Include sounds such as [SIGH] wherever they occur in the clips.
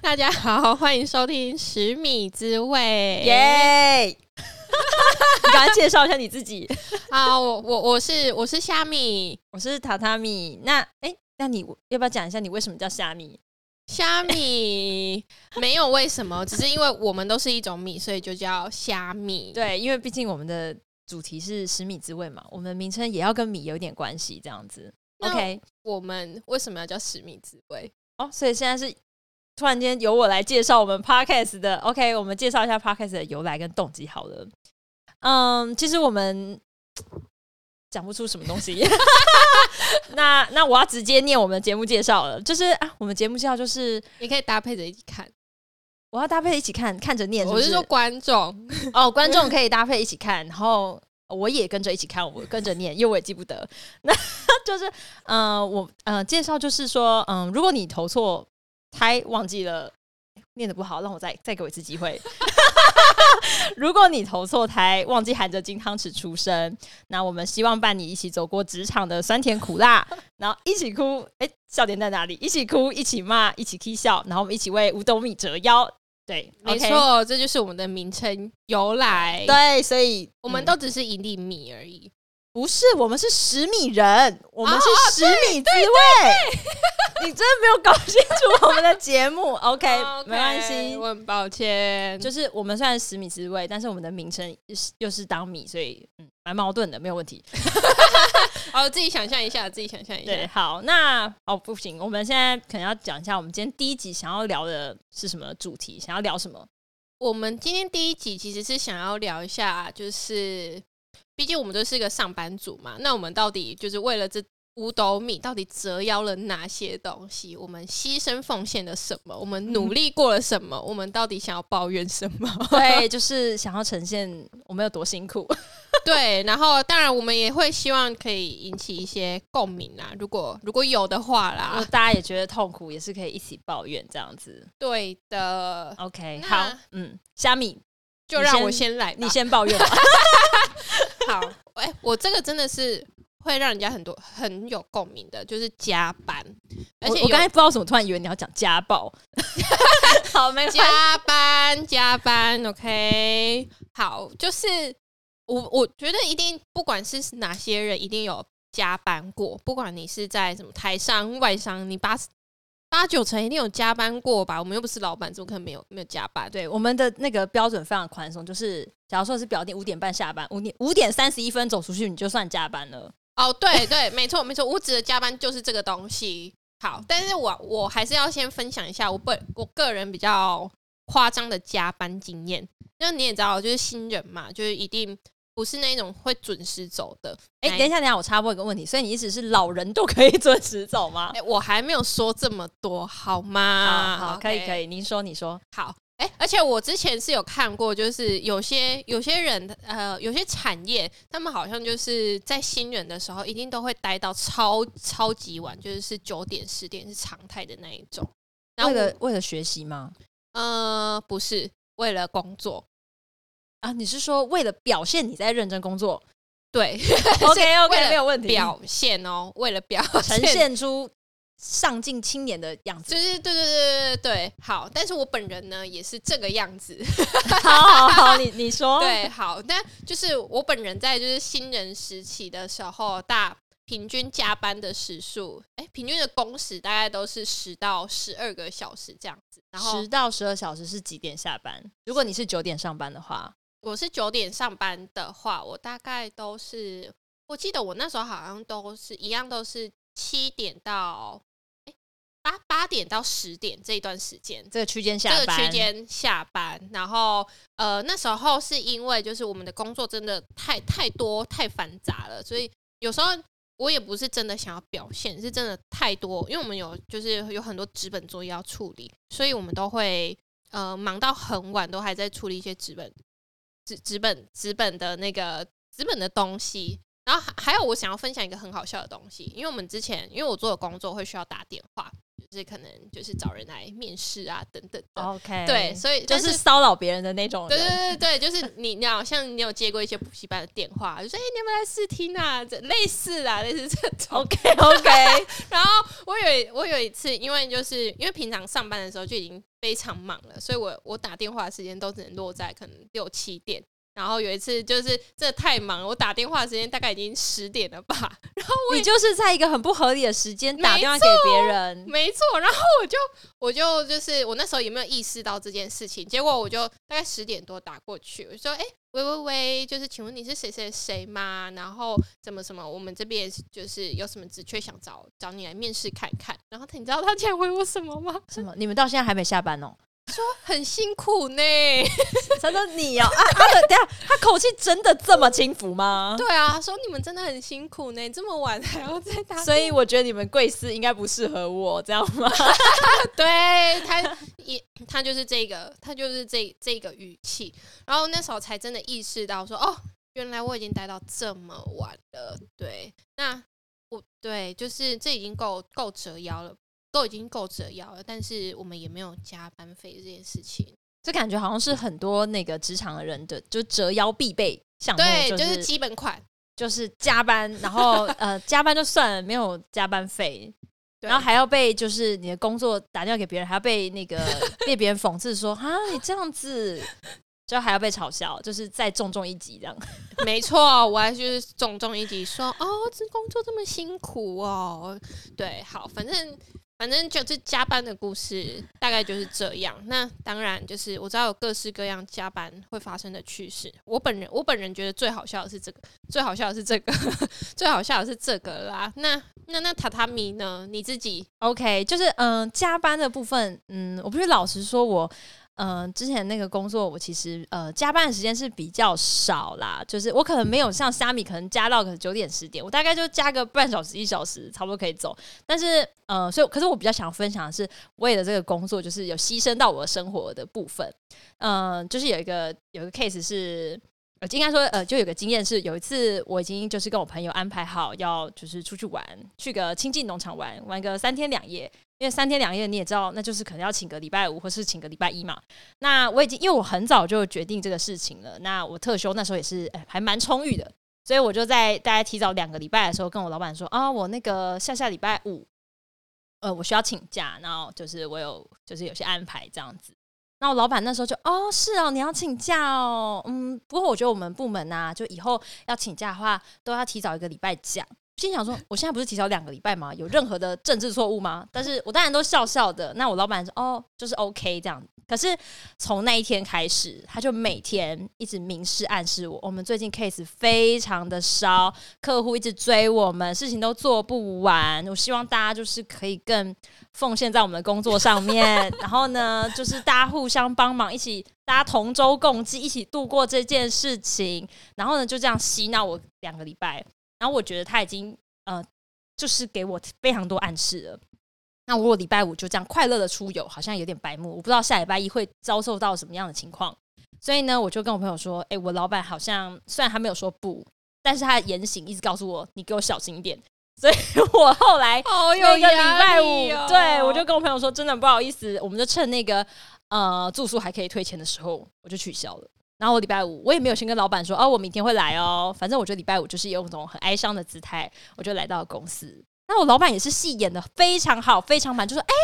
大家好，歡迎收聽拾米滋味。耶！Yeah! [LAUGHS] 你趕快介紹一下你自己啊！我我我是我是蝦米，我是榻榻米。那哎、欸，那你要不要講一下你為什麼叫蝦米？蝦米 [LAUGHS] 沒有為什麼，只是因為我們都是一種米，所以就叫蝦米。對，因為畢竟我們的主題是拾米滋味嘛，我們的名稱也要跟米有點關係，這樣子。那 OK，我們為什麼要叫拾米滋味？哦，所以現在是突然間由我來介紹我們 podcast 的。OK，我們介紹一下 podcast 的由來跟動機好了。嗯，其實我們講不出什麼東西， [LAUGHS] [LAUGHS] 那那我要直接念我們的節目介紹了，就是啊，我們節目介紹就是你可以搭配着一起看。我要搭配一起看，看着念是不是？我是說觀眾哦，觀眾可以搭配一起看，然後。我也跟着一起看，我跟着念，因為我也記不得。那 [LAUGHS] 就是，嗯、呃，我、呃、介紹就是說，嗯、呃，如果你投錯胎，忘記了，念得不好，讓我再再給我一次機會。 [LAUGHS] 如果你投錯胎，忘記含着金湯匙出生，那我們希望伴你一起走過職場的酸甜苦辣，然後一起哭，哎，笑點在哪裡？一起哭，一起罵，一起踢笑，然後我們一起為五斗米折腰。對，沒錯錯，Okay 這就是我們的名稱由來。對，所以我們都只是一粒米而已。嗯嗯不是，我們是拾米人，哦、我們是拾米滋味。哦哦、 [LAUGHS] 你真的沒有搞清楚我們的節目，OK，, okay 沒關係，我很抱歉。就是我們算拾米滋味，但是我們的名稱又是，又是當米，所以嗯，蠻矛盾的，沒有問題。好、 [LAUGHS] [LAUGHS] 哦，自己想象一下，自己想象一下。對，好，那哦不行，我們現在可能要講一下，我們今天第一集想要聊的是什麼主題，想要聊什麼？我們今天第一集其實是想要聊一下、啊，就是。畢竟我們都是一個上班族嘛，那我們到底就是為了這五斗米，到底折腰了哪些東西？我們犧牲奉獻了什麼？我們努力過了什麼？我們到底想要抱怨什麼？嗯、 [LAUGHS] 對，就是想要呈現我們有多辛苦。 [LAUGHS] 對，然後當然我們也會希望可以引起一些共鳴啦。如果如果有的話啦，大家也覺得痛苦，也是可以一起抱怨這樣子。對的，OK，好，那嗯，蝦米就讓我先來，你先抱怨吧。 [LAUGHS] [LAUGHS] 好，哎、欸，我這個真的是會讓人家很多很有共鳴的，就是加班。而且我剛才不知道怎麼突然以為你要講家暴。 [LAUGHS] [LAUGHS] 好，沒加班加班，OK，好，就是我我覺得一定不管是哪些人，一定有加班過，不管你是在什麼台商、外商，你把。八九成一定有加班過吧？我們又不是老板，怎麼可能沒有沒有加班？對，我們的那個標準非常寬鬆，就是假如說是表定五點半下班，五點五點三十一分走出去，你就算加班了。哦，對對，沒錯沒錯，我指的加班就是這個東西。 [LAUGHS] 好，但是我我還是要先分享一下我本我個人比較誇張的加班經驗，因為你也知道，就是新人嘛，就是一定。不是那種會準時走的。哎、欸，等一下，等一下，我插播一個問題。所以你意思是老人都可以準時走嗎？哎、欸，我還沒有說這麼多，好嗎？好，好 Okay. 可以，可以。您說，你說。好，哎、欸，而且我之前是有看過，就是有些有些人，呃，有些產業，他們好像就是在新人的時候，一定都會待到超超級晚，就是是九點、十點是常態的那一種。那為了為了學習嗎？呃，不是，為了工作。啊，你是說為了表現你在認真工作？對，OK OK，沒有問題。表現哦，為了表呈現出上進青年的樣子，就是、對對對對對對。好，但是我本人呢也是這個樣子。好好好， [LAUGHS] 你你說。對，好。但就是我本人在就是新人時期的時候，大平均加班的時數，哎、欸，平均的工時大概都是十到十二個小時這樣子。然後十到十二小時是幾點下班？是如果你是九點上班的話。我是九點上班的話，我大概都是，我記得我那時候好像都是一樣，都是七點到欸、八八點到十點這一段時間，這個區間下班這個區間下班。然後呃那時候是因為就是我們的工作真的太太多太繁雜了，所以有時候我也不是真的想要表現，是真的太多，因為我們有就是有很多紙本作業要處理，所以我們都會呃忙到很晚，都還在處理一些紙本。紙本、紙本的那個紙本的東西。然後還有，我想要分享一個很好笑的東西，因為我們之前因為我做的工作會需要打電話，就是可能就是找人來面試啊等等 OK。對，所以是就是騷擾別人的那種。對對對對， [LAUGHS] 就是你你好像你有接過一些補習班的電話，就說、是、哎、欸、你們有沒有來試聽啊，類似啊類似這種。OK OK。 [LAUGHS] 然後我有我有一次，因為就是因為平常上班的時候就已經非常忙了，所以我我打電話的時間都只能落在可能六七點。然後有一次，就是這太忙了，我打電話時間大概已經十點了吧。然後我你就是在一個很不合理的時間打電話給別人，沒錯，沒錯。然後我就我就就是我那時候也沒有意識到這件事情，結果我就大概十點多打過去，我說：“哎、欸，喂喂喂，就是請問你是誰誰誰嗎？然後怎麼怎麼，我們這邊就是有什麼職缺想找找你來面試看看。”然後他你知道他竟然回我什麼嗎？什麼？你們到現在還沒下班哦？他說很辛苦呢、 [LAUGHS] 喔，他說你哦啊啊！對 啊等下，他口氣真的這麼輕浮嗎？對啊，他說你們真的很辛苦呢，這麼晚還要再打，所以我覺得你們貴司應該不適合我，這樣嗎？ [LAUGHS] 對他一，他就是這個，他就是這這個語氣。然後那時候才真的意識到說，說哦，原來我已經待到這麼晚了。對，那我對，就是這已經夠夠折腰了。都已經夠折腰了，但是我們也沒有加班費這件事情。這感覺好像是很多那個職場的人的，對就折腰必備項目，就是，對，就是基本款，就是加班，然後 [LAUGHS] 呃，加班就算了，沒有加班費，對然後還要被就是你的工作打掉給別人，還要被那個被別人諷刺說啊，你 [LAUGHS] 這樣子，就還還要被嘲笑，就是再重重一擊這樣。沒錯，我還是就是重重一擊說哦，這工作這麼辛苦哦。對，好，反正。反正就是加班的故事，大概就是這樣。那當然，就是我知道有各式各樣加班會發生的趣事。我本人，我本人覺得最好笑的是這個，最好笑的是這個，呵呵最好笑的是這個啦。那那那榻榻米呢？你自己 OK？就是嗯、呃，加班的部分，嗯，我不是老實說，我。嗯、呃，之前那個工作我其實呃加班的時間是比較少啦，就是我可能沒有像蝦米可能加到可能九點十點，我大概就加個半小時一小時，差不多可以走。但是嗯、呃，所以可是我比較想分享的是，為了這個工作，就是有犧牲到我的生活的部分。嗯、呃，就是有一個有一個 case 是，呃，應該說，呃，就有個經驗是，有一次我已經就是跟我朋友安排好要就是出去玩，去個清境農場玩，玩個三天兩夜。因為三天兩夜你也知道，那就是可能要請個禮拜五或是請個禮拜一嘛。那我已經因為我很早就決定這個事情了，那我特休那時候也是、欸、還蠻充裕的，所以我就在大概提早兩個禮拜的時候跟我老闆說啊，我那個下下禮拜五，呃，我需要請假，然後就是我有就是有些安排這樣子。那我老闆那時候就，哦，是哦，你要請假哦。嗯，不過我覺得我們部門吶、啊、就以後要請假的話都要提早一個禮拜講。心想說：“我現在不是提早兩個禮拜嗎？有任何的政治錯誤嗎？”但是我當然都笑笑的。那我老板說：“哦，就是 OK 這樣。”可是從那一天開始，他就每天一直明示暗示我：“我們最近 case 非常的燒，客戶一直追我們，事情都做不完。”我希望大家就是可以更奉獻在我們的工作上面， [LAUGHS] 然後呢，就是大家互相幫忙，一起大家同舟共濟，一起度過這件事情。然後呢，就這樣洗腦我兩個禮拜。然後我覺得他已經呃，就是給我非常多暗示了。那我禮拜五就這樣快樂的出遊，好像有點白目。我不知道下禮拜一會遭受到什麼樣的情況，所以呢，我就跟我朋友說：“哎、欸，我老闆好像雖然他沒有說不，但是他的言行一直告訴我，你給我小心一點。”所以，我後來有一個禮拜五，哦、對我就跟我朋友說：“真的不好意思，我們就趁那個呃住宿還可以退錢的時候，我就取消了。”然後我禮拜五，我也沒有先跟老板說哦，我明天會來哦。反正我覺得禮拜五就是有一種很哀傷的姿態，我就來到了公司。那我老板也是戲演的非常好，非常滿，就說：“哎，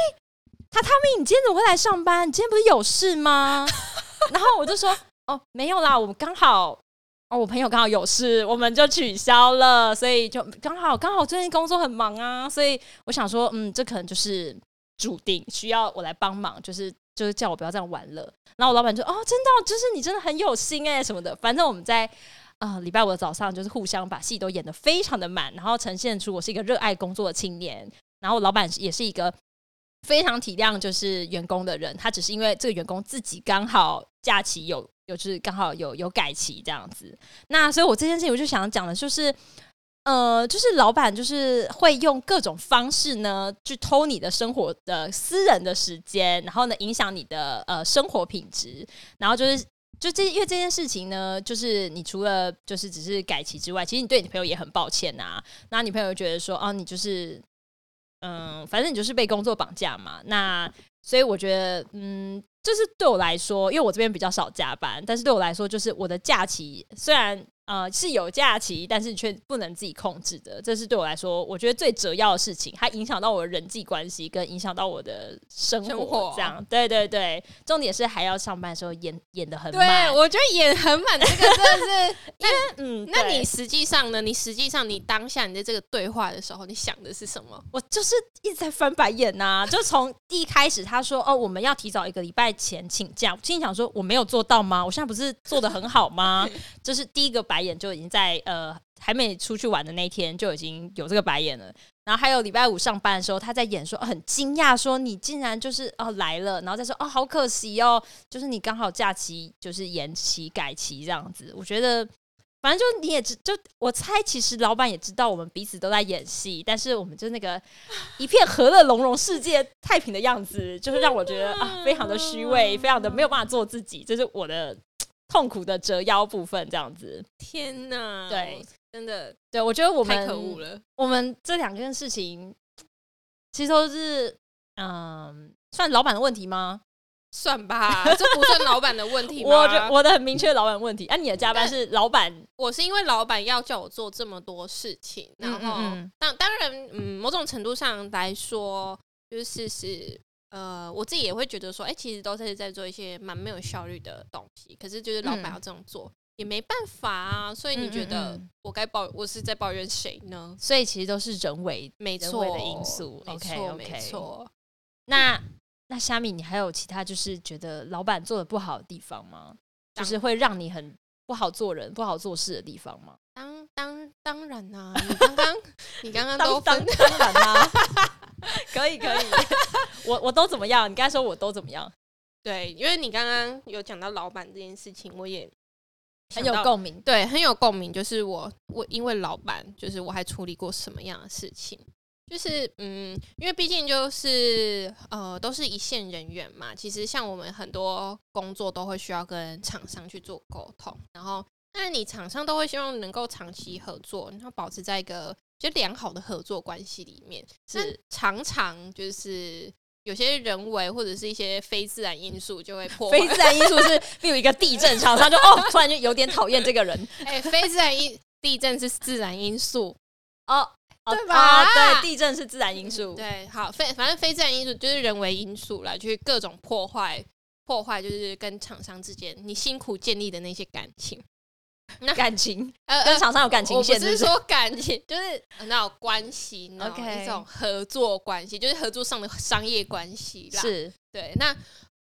榻榻米，你今天怎麼會來上班？你今天不是有事嗎？” [LAUGHS] 然後我就說：“哦，沒有啦，我們剛好哦，我朋友剛好有事，我們就取消了。所以就剛好剛好最近工作很忙啊，所以我想說，嗯，這可能就是注定需要我來幫忙，就是。”就是叫我不要這樣玩了，然後我老闆就說：“哦，真的，就是你真的很有心誒、欸、什麼的。”反正我們在啊呃、禮拜五的早上就是互相把戲都演得非常的滿，然後呈現出我是一個熱愛工作的青年，然後我老闆也是一個非常體諒就是員工的人，他只是因為這個員工自己剛好假期有有就是剛好有有改期這樣子，那所以我這件事情我就想講的就是。呃，就是老闆，就是會用各種方式呢，去偷你的生活的、的私人的時間，然後呢，影響你的呃生活品質。然後就是，就這，因為這件事情呢，就是你除了就是只是改期之外，其實你對你朋友也很抱歉吶、啊。那你朋友覺得說，啊，你就是，嗯、呃，反正你就是被工作綁架嘛。那所以我覺得，嗯，就是對我來說，因為我這邊比較少加班，但是對我來說，就是我的假期雖然。呃，是有假期，但是卻不能自己控制的，這是對我來說，我覺得最主要的事情。它影響到我的人際關係，跟影響到我的生活，這樣。活對對對，重點是還要上班的時候演演得很滿。對、啊、我覺得演很滿的這個真的是，因為 [LAUGHS] 但嗯，那你實際上呢？你實際上你當下你的這個對話的時候，你想的是什麼？我就是一直在翻白眼吶、啊，就從第一開始他說哦，我們要提早一個禮拜前請假，心想說我沒有做到嗎？我現在不是做得很好嗎？就 [LAUGHS] 是第一個白。白眼就已經在呃還沒出去玩的那天就已經有這個白眼了，然後還有禮拜五上班的時候，他在演說、哦、很驚訝，說你竟然就是哦來了，然後再說哦好可惜哦，就是你剛好假期就是延期改期這樣子。我覺得反正就你也知，就我猜其實老闆也知道我們彼此都在演戲，但是我們就那個一片和樂融融世界太平的樣子，就是讓我覺得啊、呃、非常的虛偽，非常的沒有辦法做自己，這是我的。痛苦的折腰部分，這樣子。天哪！對，真的，對我覺得我們太可惡了。我們這兩件事情，其實都是嗯，算老闆的問題嗎？算吧，這不算老闆的， [LAUGHS] 的、的問題。我我的很明確，老闆問題。哎，你的加班是老闆？我是因為老闆要叫我做這麼多事情，然後，但、嗯嗯、當然，嗯，某種程度上來說，就是是。呃，我自己也會覺得說，哎、欸，其實都是在做一些蠻沒有效率的東西。可是，就是老闆要這樣做、嗯、也沒辦法啊。所以，你覺得我該抱、嗯嗯嗯、我是在抱怨誰呢？所以，其實都是人為、人為的因素。沒錯。OK，OK。那那蝦米，你還有其他就是覺得老闆做的不好的地方嗎？當就是會讓你很不好做人、不好做事的地方嗎？當當當然啊，你剛剛 [LAUGHS] 你剛剛都分當了啦。 [LAUGHS] 可以 [LAUGHS] 可以，可以 [LAUGHS] 我我都怎麼樣？你剛才說我都怎麼樣？對，因為你剛剛有講到老闆這件事情，我也很，很有共鳴。對，很有共鳴。就是我我因為老闆，就是我還處理過什麼樣的事情？就是嗯，因為畢竟就是呃，都是一線人員嘛。其實像我們很多工作都會需要跟廠商去做溝通，然後但是你廠商都會希望能夠長期合作，然後保持在一個。就良好的合作關係裡面，是常常就是有些人為或者是一些非自然因素就會破壞。非自然因素是，例如一個地震，廠商 [LAUGHS] 就哦，突然就有點討厭這個人。哎、欸，非自然因地震是自然因素哦，哦對吧、哦？對，地震是自然因素。對，好，非反正非自然因素就是人為因素來去、就是、各種破壞，破壞就是跟廠商之間你辛苦建立的那些感情。那感情，呃，呃，廠商有感情線，不是說感情，就是、嗯、那有關係，OK，一種合作關係，Okay. 就是合作上的商業關係。是，對。那，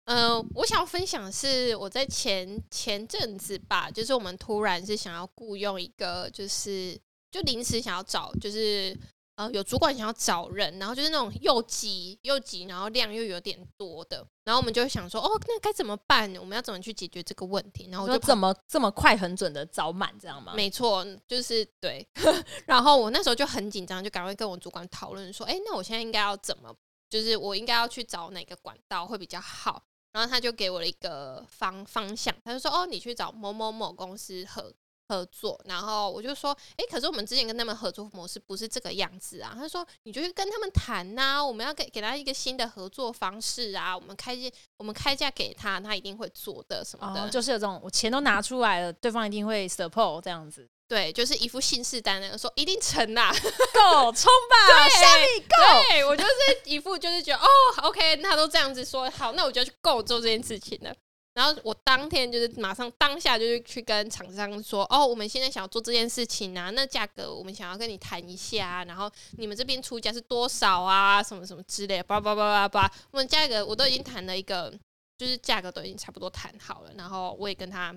呃，我想要分享是我在前前陣子吧，就是我們突然是想要僱傭一個、就是，就是就臨時想要找，就是。呃，有主管想要找人，然後就是那種又急又急，然後量又有點多的，然後我們就想說，哦，那該怎麼辦？我們要怎麼去解決這個問題？然後我就怎麼這麼快很準的找滿，知道嗎？沒錯，就是對呵呵。然後我那時候就很緊張，就趕快跟我主管討論說，哎，那我現在應該要怎麼？就是我應該要去找哪個管道會比較好？然後他就給我了一個方方向，他就說，哦，你去找某某某公司合。合作，然後我就說，誒，可是我們之前跟他們合作模式不是這個樣子啊。他就說，你就去跟他們談吶、啊，我們要給給他一個新的合作方式啊，我們開價，我們開價給他，他一定會做的，什麼的，哦、就是有這種，我錢都拿出來了， [LAUGHS] 對方一定會 support 這樣子。對，就是一副信誓旦旦說一定成啦，啊，Go [LAUGHS] 衝吧，蝦米 go。Ave, go. 對我就是一副就是覺得 [LAUGHS] 哦，OK，他都這樣子說好，那我就去 go 做這件事情了。然後我當天就是馬上當下就是去跟廠商說，哦，我們現在想要做這件事情啊，那價格我們想要跟你談一下啊，然後你們這邊出價是多少啊，什麼什麼之類的，叭叭叭叭叭，我們價格我都已經談了一個，就是價格都已經差不多談好了，然後我也跟他。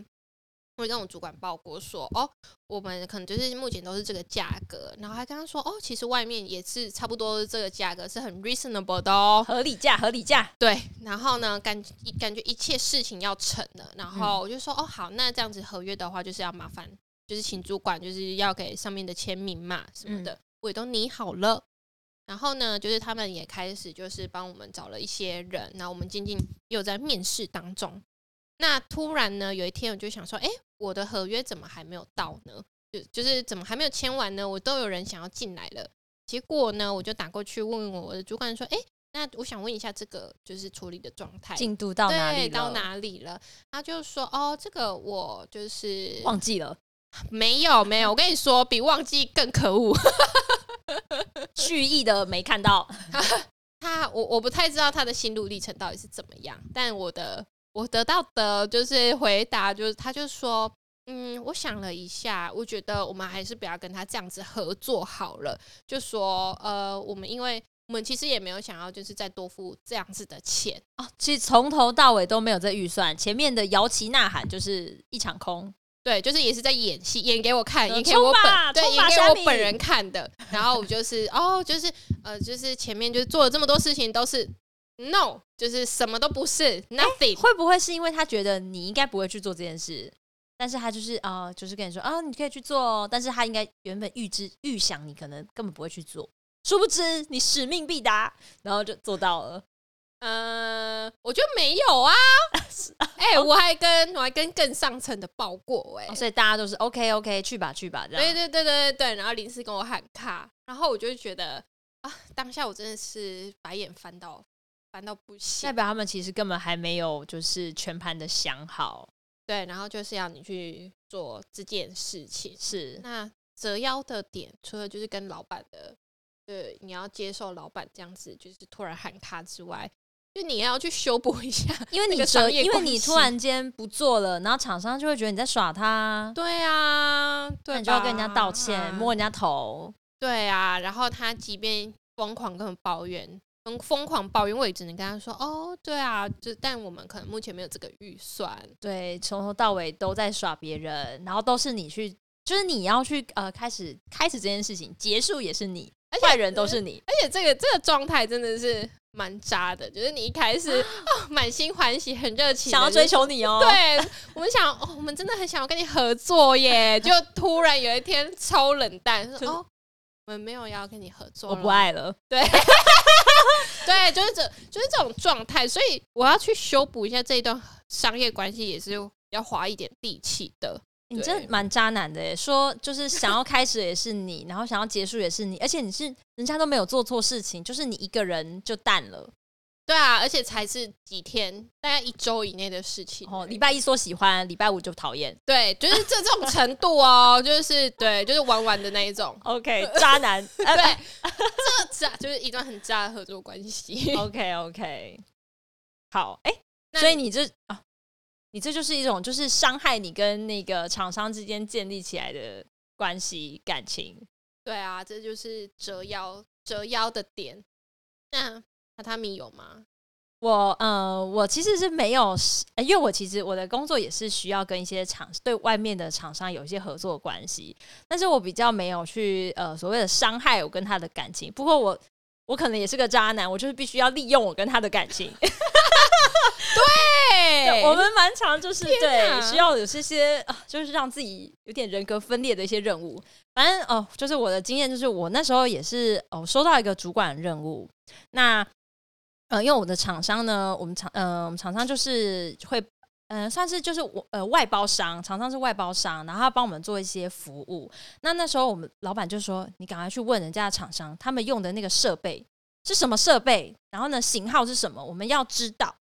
會讓我，我主管報過說，哦，我們可能就是目前都是這個價格，然後還跟他說，哦，其實外面也是差不多這個價格，是很 reasonable 的，哦，合理價，合理價。對，然後呢，感覺一感覺一切事情要成了，然後我就說，嗯、哦，好，那這樣子合約的話，就是要麻煩，就是請主管就是要給上面的簽名嘛，什麼的，嗯、我也都擬好了。然後呢，就是他們也開始就是幫我們找了一些人，然後我們最近又在面試當中。那突然呢，有一天我就想說，誒、欸。我的合約怎麼還沒有到呢？就就是怎麼還沒有簽完呢？我都有人想要進來了，結果呢，我就打過去問問我，我的主管說：“哎、欸，那我想問一下這個就是處理的狀態，進度到哪裡，到哪裡了？”他就說：“哦，這個我就是忘記了，沒有沒有。我跟你說，比忘記更可惡， [LAUGHS] 蓄意的沒看到他，他。我我不太知道他的心路歷程到底是怎麼樣，但我的。”我得到的就是回答，就是他就說，嗯，我想了一下，我覺得我們還是不要跟他這樣子合作好了。就說，呃，我們因為我們其實也沒有想要，就是再多付這樣子的錢哦，其實從頭到尾都沒有這預算，前面的搖旗吶喊就是一場空。對，就是也是在演戲，演給我看，呃、演給我本，對，演給我本人看的。然後我就是， [LAUGHS] 哦，就是，呃，就是前面就是做了這麼多事情都是。No，就是什麼都不是，nothing、欸。會不會是因為他覺得你應該不會去做這件事，但是他就是啊、呃，就是跟你說啊，你可以去做，哦，但是他應該原本預知、預想你可能根本不會去做，殊不知你使命必達，然後就做到了。呃，我就沒有啊，哎、 [LAUGHS] 欸，哦，我還跟我還跟更上層的報過哎、欸啊，所以大家都是 OK OK，去吧去吧這樣。對對對對對對，然後臨時跟我喊卡，然後我就覺得啊，當下我真的是白眼翻到。難道不代表他們其實根本還沒有就是全盤的想好，對，然後就是要你去做這件事情。是那折腰的點，除了就是跟老闆的，對，你要接受老闆這樣子，就是突然喊卡之外，就你要去修補一下，因為你 [LAUGHS] 因為你突然間不做了，然後廠商就會覺得你在耍他。對啊，對，然你就要跟人家道歉，嗯、摸人家頭。對啊，然後他即便瘋狂各種抱怨，瘋狂抱怨，我也只能跟他說哦，對啊，就但我們可能目前沒有這個預算。對，從頭到尾都在耍別人，然後都是你去，就是你要去呃，開始開始這件事情，結束也是你，而且壞人都是你。而且這個這個狀態真的是蠻渣的，就是你一開始啊、哦、滿心歡喜，很熱情，想要追求你哦。就是、對我們想、哦，我們真的很想要跟你合作耶， [LAUGHS] 就突然有一天超冷淡，說、就是、哦，我們沒有要跟你合作，我不愛了。對。 [LAUGHS] 對，就是這，就是這種狀態，所以我要去修補一下這一段商業關係，也是要花一點力氣的、欸。你這蠻渣男的耶，說就是想要開始也是你， [LAUGHS] 然後想要結束也是你，而且你是人家都沒有做錯事情，就是你一個人就淡了。對啊，而且才是幾天，大概一周以內的事情。哦，禮拜一說喜歡，禮拜五就討厭，對，就是這種程度哦、喔， [LAUGHS] 就是對，就是玩玩的那一種。OK，渣男， [LAUGHS] 對， [LAUGHS] 這渣就是一段很渣的合作關係。OK，OK、okay, okay. 好，哎、欸，那所以你這、啊、你這就是一種就是傷害你跟那個廠商之間建立起來的關係感情。對啊，這就是折腰折腰的點。那、啊。榻榻米有嗎？我嗯、呃，我其實是沒有、欸，因為我其實我的工作也是需要跟一些廠對外面的廠商有一些合作關係，但是我比較沒有去呃所謂的傷害我跟他的感情。不過我我可能也是個渣男，我就是必須要利用我跟他的感情。 [LAUGHS] [LAUGHS] 對我們蠻常就是哪對需要有這些啊、呃，就是讓自己有點人格分裂的一些任務。反正哦、呃，就是我的經驗就是我那時候也是哦、呃、收到一個主管任務那。呃，因為我的廠商呢，我們廠呃，我們廠商就是會，呃，算是就是我呃，外包商，廠商是外包商，然後他幫我們做一些服務。那那時候我們老闆就說：“你趕快去問人家的廠商，他們用的那個設備是什麼設備？然後呢，型號是什麼？我們要知道。”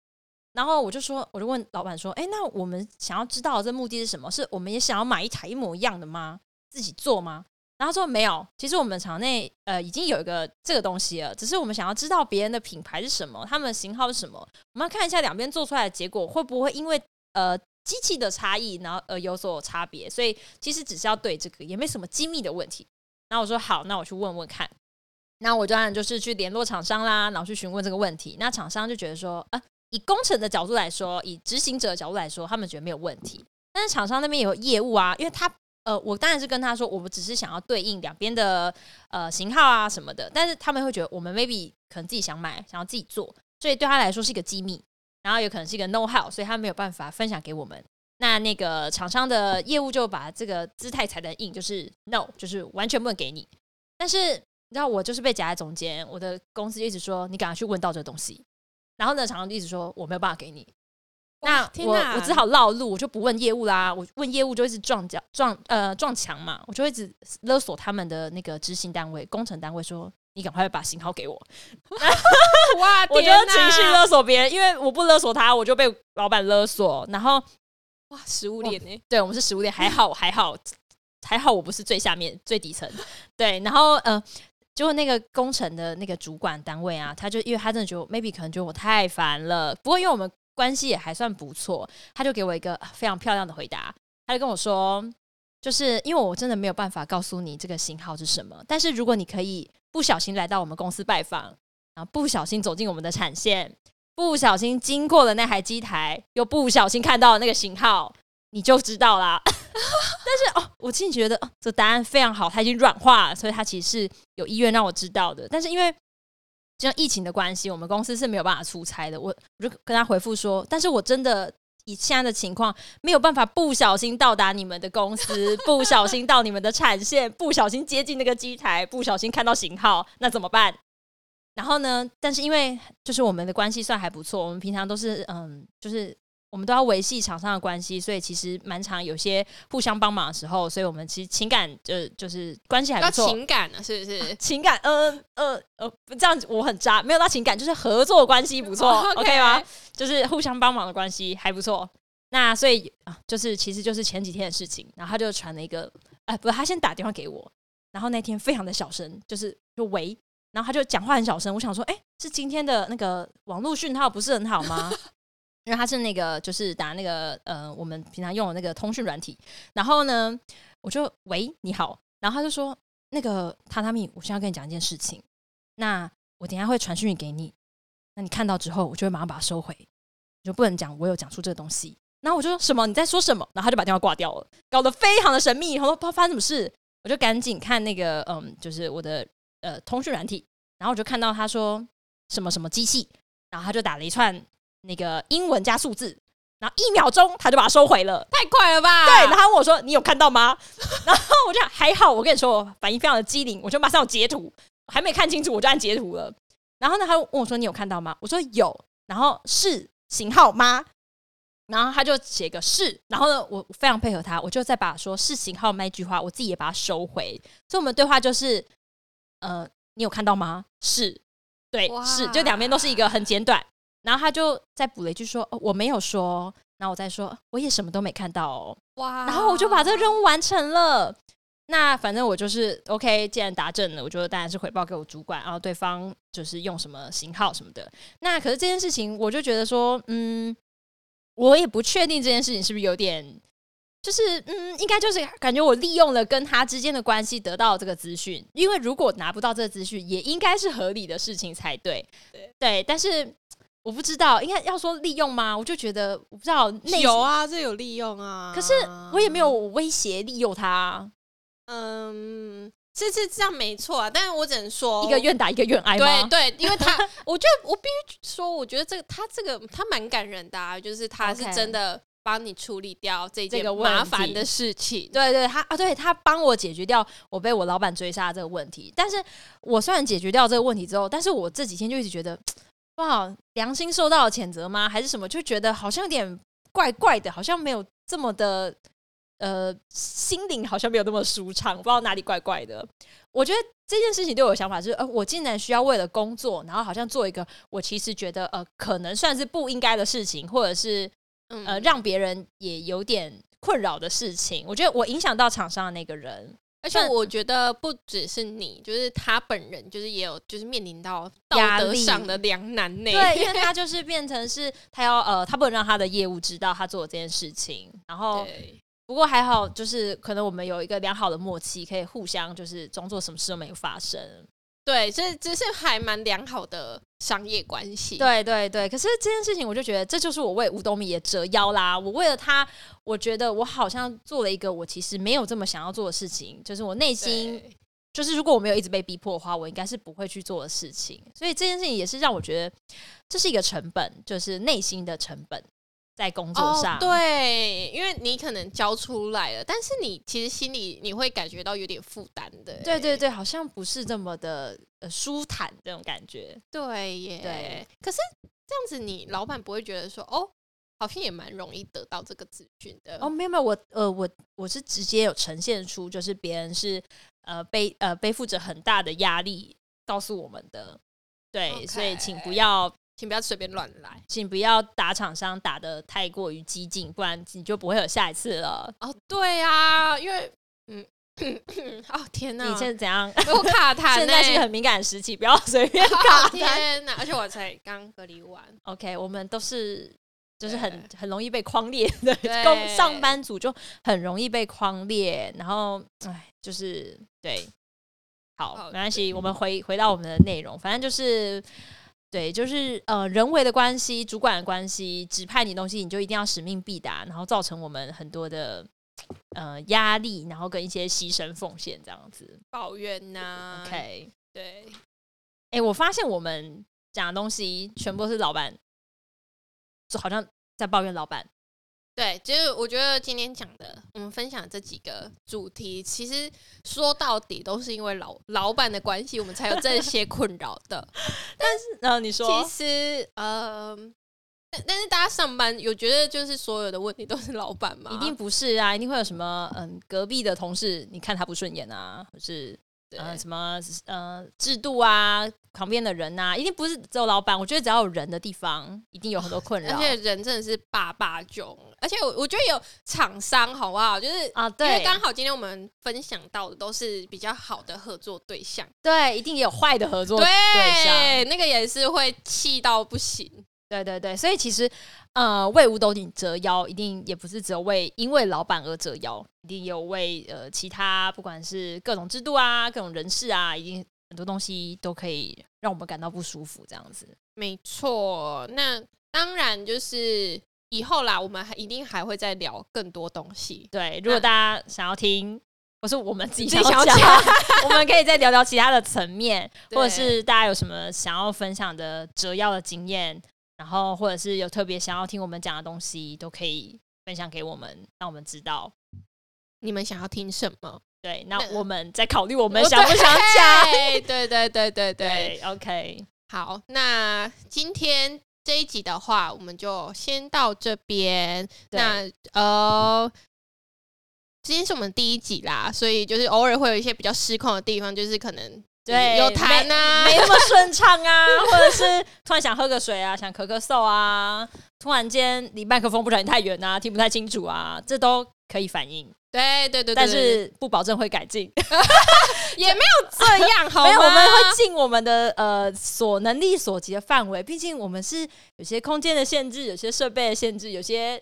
然後我就說，我就問老闆說：“哎，那我們想要知道的這目的是什麼？是我們也想要買一台一模一樣的嗎？自己做嗎？”然後說沒有，其實我們廠內呃已經有一個這個東西了，只是我們想要知道別人的品牌是什麼，他們型號是什麼，我們要看一下兩邊做出來的結果會不會因為呃機器的差異，然後而、呃、有所差別。所以其實只是要對這個也沒什麼機密的問題。然後我說好，那我去問問看。那我就當然就是去聯絡廠商啦，然後去詢問這個問題。那廠商就覺得說，啊、呃，以工程的角度來說，以執行者的角度來說，他們覺得沒有問題。但是廠商那邊有業務啊，因為他。呃，我當然是跟他說，我們只是想要對應兩邊的呃型號啊什麼的，但是他們會覺得我們 maybe 可能自己想買，想要自己做，所以對他來說是一個機密，然後有可能是一個 know-how，所以他沒有辦法分享給我們。那那個廠商的業務就把這個姿態踩得硬，就是 no，就是完全不能給你。但是你知道我就是被夾在中間，我的公司就一直說你趕快去問到這個東西，然後呢廠商就一直說我沒有辦法給你。那我哪我只好繞路，我就不問業務啦。我問業務就一直撞腳撞呃撞牆嘛，我就一直勒索他們的那個執行單位、工程單位說，說你趕快把型號給我。 [LAUGHS] 哇，我覺得情緒勒索別人，因為我不勒索他，我就被老闆勒索。然後哇，食物鏈呢？對，我們是食物鏈，還好還好還好， [LAUGHS] 還好我不是最下面最底層。對，然後呃，結果那個工程的那個主管單位啊，他就因為他真的覺得 maybe 可能覺得我太煩了。不過因為我們。關係也還算不錯，他就給我一個非常漂亮的回答，他就跟我說，就是因為我真的沒有辦法告訴你這個型號是什麼，但是如果你可以不小心來到我們公司拜訪，然後不小心走進我們的產線，不小心經過了那台機台，又不小心看到了那個型號，你就知道啦。 [LAUGHS] 但是哦，我竟覺得，哦，這個、答案非常好，它已經軟化了，所以它其實是有意願讓我知道的，但是因為。像疫情的關係，我們公司是沒有辦法出差的。我我就跟他回復說，但是我真的以現在的情況沒有辦法不小心到達你們的公司， [LAUGHS] 不小心到你們的產線，不小心接近那個機台，不小心看到型號，那怎麼辦？然後呢？但是因為就是我們的關係算還不錯，我們平常都是嗯，就是。我們都要維繫廠商的關係，所以其實蠻常有些互相幫忙的時候，所以我們其實情感就就是關係還不錯。情感呢？是不是、啊？情感？呃呃呃，這樣我很渣，沒有那情感，就是合作關係不錯、哦、okay，OK 嗎？就是互相幫忙的關係還不錯。那所以啊，就是其實就是前幾天的事情，然後他就傳了一個，哎、啊，不，他先打電話給我，然後那天非常的小聲，就是就喂，然後他就講話很小聲，我想說，哎、欸，是今天的那個網絡訊號不是很好嗎？ [LAUGHS] 因為他是那個，就是打那個，呃，我們平常用的那個通訊軟體。然後呢，我就喂，你好。然後他就說，那個榻榻米，我先要跟你講一件事情。那我等下會傳訊給你，那你看到之後，我就會馬上把它收回，就不能講我有講出這個東西。然後我就說什麼你在說什麼？然後他就把電話掛掉了，搞得非常的神秘，然後他發生什麼事。我就趕緊看那個，嗯，就是我的呃通訊軟體。然後我就看到他說什麼什麼機器，然後他就打了一串。那個英文加數字，然後一秒鐘他就把它收回了，太快了吧！對，然後他問我說：“你有看到嗎？” [LAUGHS] 然後我就還好，我跟你說，我反應非常的機靈，我就馬上截圖，還沒看清楚我就按截圖了。然後呢，他問我說：“你有看到嗎？”我說：“有。”然後是型號嗎？然後他就寫個是。然後呢，我非常配合他，我就再把說是型號那句話，我自己也把它收回。所以我們對話就是：“呃，你有看到嗎？”是，對，哇是，就兩邊都是一個很簡短。然後他就再補了一句說：“哦，我沒有說。”然後我再說：“我也什麼都沒看到哦。”哇！然後我就把這個任務完成了。那反正我就是 OK，既然答正了，我覺得當然是回報給我主管。然後對方就是用什麼型號什麼的。那可是這件事情，我就覺得說，嗯，我也不確定這件事情是不是有點，就是嗯，應該就是感覺我利用了跟他之間的關係得到這個資訊。因為如果拿不到這個資訊，也應該是合理的事情才對。對，但是。我不知道，應該要說利用嗎？我就覺得我不知道那有啊，這有利用啊。可是我也沒有威脅利用他、啊，嗯，是是這樣沒錯啊。但是我只能說一個願打一個願挨。對對，因為他， [LAUGHS] 我就我，我必須說，我覺得這個他這個他蠻感人的、啊，就是他是真的幫你處理掉這個麻煩的事情。對，對對，他啊，對他幫我解決掉我被我老闆追殺這個問題。但是我雖然解決掉這個問題之後，但是我這幾天就一直覺得。不好，wow, 良心受到了譴責嗎？還是什麼？就覺得好像有點怪怪的，好像沒有這麼的呃，心靈好像沒有那麼舒暢。不知道哪裡怪怪的。我覺得這件事情對我的想法是，呃，我竟然需要為了工作，然後好像做一個我其實覺得呃，可能算是不應該的事情，或者是、嗯、呃，讓別人也有點困擾的事情。我覺得我影響到廠商的那個人。而且我覺得不只是你，但就是他本人，就是也有就是面臨到道德上的兩難內，壓力 [LAUGHS] 對，因為他就是變成是他要呃，他不能讓他的業務知道他做這件事情，然後對不過還好，就是可能我們有一個良好的默契，可以互相就是裝作什麼事都沒有發生。對，所以這是還蠻良好的商業關係。對對對，可是這件事情，我就覺得這就是我為五斗米折腰啦。我為了他，我覺得我好像做了一個我其實沒有這麼想要做的事情，就是我內心，對就是如果我沒有一直被逼迫的話，我應該是不會去做的事情。所以這件事情也是讓我覺得這是一個成本，就是內心的成本。在工作上、哦，對，因為你可能交出來了，但是你其實心裡你會感覺到有點負擔的。對對對，好像不是這麼的、呃、舒坦這種感覺。對耶。對。可是這樣子，你老板不會覺得說，哦，好像也蠻容易得到這個資訊的。哦，沒有沒有，我呃我我是直接有呈現出，就是別人是呃背呃背負着很大的壓力告訴我們的。對，Okay. 所以請不要。請不要隨便亂來，請不要打廠商打得太過於激進，不然你就不會有下一次了。哦，對啊，因為嗯，咳咳哦天哪、啊，你現在怎樣？不卡他，現在是個很敏感的時期，不要隨便卡、哦。天哪、啊，而且我才剛隔離完。OK，我們都是就是很對很容易被框裂的對，上班族就很容易被框裂。然後，哎，就是對，好沒關係，吃我們回回到我們的內容，反正就是。對，就是呃，人為的關係，主管的關係，指派你的東西，你就一定要使命必達，然後造成我們很多的呃壓力，然後跟一些犧牲奉獻這樣子抱怨吶、啊。OK，對，哎、欸，我發現我們講的東西全部是老闆，就好像在抱怨老闆。對，其實我覺得今天講的，我們分享這幾個主題，其實說到底都是因為老老板的關係，我們才有這些困擾的。 [LAUGHS] 但是，呃、嗯，你說，其實，呃，但是大家上班，有覺得就是所有的問題都是老板嘛，一定不是啊，一定會有什麼，嗯，隔壁的同事，你看他不順眼啊，或是嗯對、呃、什麼呃制度啊，旁邊的人啊，一定不是只有老板。我覺得只要有人的地方，一定有很多困擾，而且人真的是爸爸囧。而且我我覺得有廠商好不好？就是啊，因為剛好今天我們分享到的都是比較好的合作對象，啊、對，一定也有壞的合作對象，對，那個也是會氣到不行。對對對，所以其實呃，為五斗米折腰，一定也不是只有為因為老闆而折腰，一定也有為呃其他，不管是各種制度啊、各種人事啊，一定很多東西都可以讓我們感到不舒服，這樣子。沒錯，那當然就是。以後啦，我們還一定還會再聊更多東西。對，如果大家想要聽，或是、啊、我，我們自己想要講，要 [LAUGHS] 我們可以再聊聊其他的層面，對或者是大家有什麼想要分享的折腰的經驗，然後或者是有特別想要聽我們講的東西，都可以分享給我們，讓我們知道你們想要聽什麼。對，那我們再考慮我們想不想講。對對對對對，對，對，OK。好，那今天。這一集的話，我們就先到這邊。對那呃，今天是我們第一集啦，所以就是偶爾會有一些比較失控的地方，就是可能是、啊、對有痰啊，沒那麼順暢啊， [LAUGHS] 或者是突然想喝個水啊，想咳咳嗽啊，突然間離麥克風不小心太遠啊，聽不太清楚啊，這都可以反映。對對對，對，但是不保證會改進， [LAUGHS] [LAUGHS] 就 也沒有這樣，好嗎？沒有，我們會盡我們的呃所能力所及的範圍，畢竟我們是有些空間的限制，有些設備的限制，有些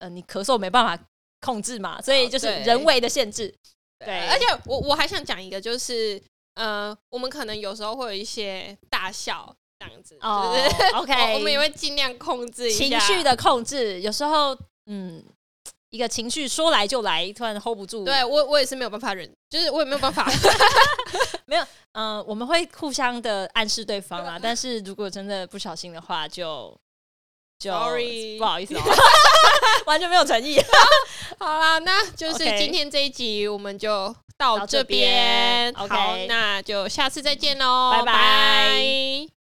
呃你咳嗽沒辦法控制嘛，所以就是人為的限制。哦、對，對而且我我還想講一個，就是呃，我們可能有時候會有一些大笑這樣子，oh, 就是 OK，我，我們也會盡量控制一下。情緒的控制，有時候嗯。一個情緒說來就來，突然 hold 不住，對，我，我也是沒有辦法忍，就是我也沒有辦法， [LAUGHS] [LAUGHS] 沒有，嗯、呃，我們會互相的暗示對方啊，吧但是如果真的不小心的話就，就就 Sorry 不好意思哦，完全沒有誠意、 [LAUGHS] 啊。好啦，那就是今天這一集我們就到這邊，這邊 Okay 好，那就下次再見嘍，拜拜。拜拜